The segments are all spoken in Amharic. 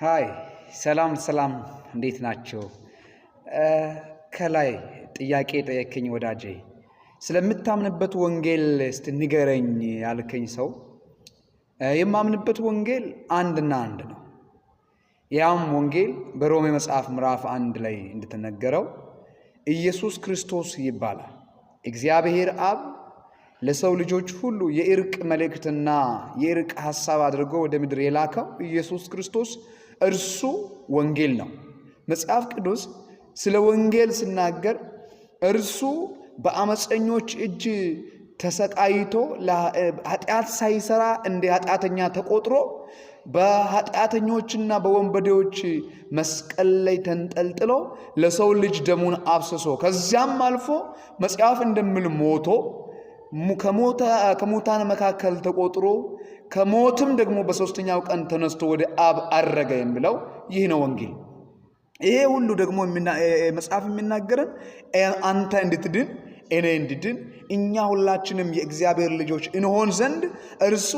ሀይ ሰላም ሰላም፣ እንዴት ናቸው? ከላይ ጥያቄ ጠየከኝ ወዳጄ፣ ስለምታምንበት ወንጌል እስቲ ንገረኝ ያልከኝ ሰው፣ የማምንበት ወንጌል አንድና አንድ ነው። ያም ወንጌል በሮሜ መጽሐፍ ምዕራፍ አንድ ላይ እንደተነገረው ኢየሱስ ክርስቶስ ይባላል። እግዚአብሔር አብ ለሰው ልጆች ሁሉ የእርቅ መልእክትና የእርቅ ሐሳብ አድርጎ ወደ ምድር የላከው ኢየሱስ ክርስቶስ እርሱ ወንጌል ነው። መጽሐፍ ቅዱስ ስለ ወንጌል ሲናገር እርሱ በአመፀኞች እጅ ተሰቃይቶ ኃጢአት ሳይሰራ እንደ ኃጢአተኛ ተቆጥሮ በኃጢአተኞችና በወንበዴዎች መስቀል ላይ ተንጠልጥሎ ለሰው ልጅ ደሙን አፍስሶ ከዚያም አልፎ መጽሐፍ እንደሚል ሞቶ ከሙታን መካከል ተቆጥሮ ከሞትም ደግሞ በሶስተኛው ቀን ተነስቶ ወደ አብ አረገ የሚለው ይህ ነው ወንጌል። ይሄ ሁሉ ደግሞ መጽሐፍ የሚናገረን አንተ እንድትድን እኔ እንድድን እኛ ሁላችንም የእግዚአብሔር ልጆች እንሆን ዘንድ እርሱ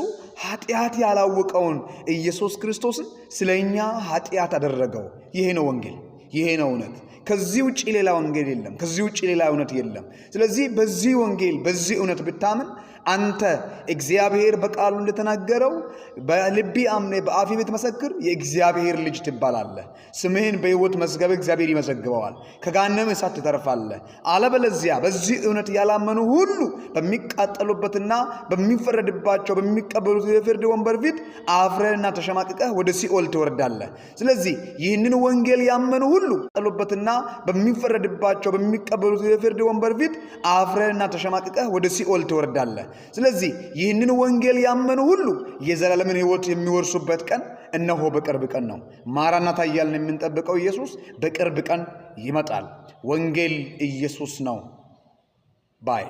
ኃጢአት ያላወቀውን ኢየሱስ ክርስቶስን ስለ እኛ ኃጢአት አደረገው። ይሄ ነው ወንጌል። ይሄ ነው እውነት። ከዚህ ውጭ ሌላ ወንጌል የለም። ከዚህ ውጭ ሌላ እውነት የለም። ስለዚህ በዚህ ወንጌል በዚህ እውነት ብታምን አንተ እግዚአብሔር በቃሉ እንደተናገረው በልቢ አምኔ በአፊ ብትመሰክር የእግዚአብሔር ልጅ ትባላለህ። ስምህን በሕይወት መዝገብ እግዚአብሔር ይመዘግበዋል፣ ከጋነም እሳት ትተርፋለህ። አለበለዚያ በዚህ እውነት ያላመኑ ሁሉ በሚቃጠሉበትና በሚፈረድባቸው በሚቀበሉት የፍርድ ወንበር ፊት አፍረህና ተሸማቅቀህ ወደ ሲኦል ትወርዳለህ። ስለዚህ ይህንን ወንጌል ያመኑ ሁሉ ሉበትና በሚፈረድባቸው በሚቀበሉት የፍርድ ወንበር ፊት አፍረህና ተሸማቅቀህ ወደ ሲኦል ትወርዳለህ። ስለዚህ ይህንን ወንጌል ያመኑ ሁሉ የዘላለምን ሕይወት የሚወርሱበት ቀን እነሆ በቅርብ ቀን ነው። ማራናታ እያልን የምንጠብቀው ኢየሱስ በቅርብ ቀን ይመጣል። ወንጌል ኢየሱስ ነው ባይ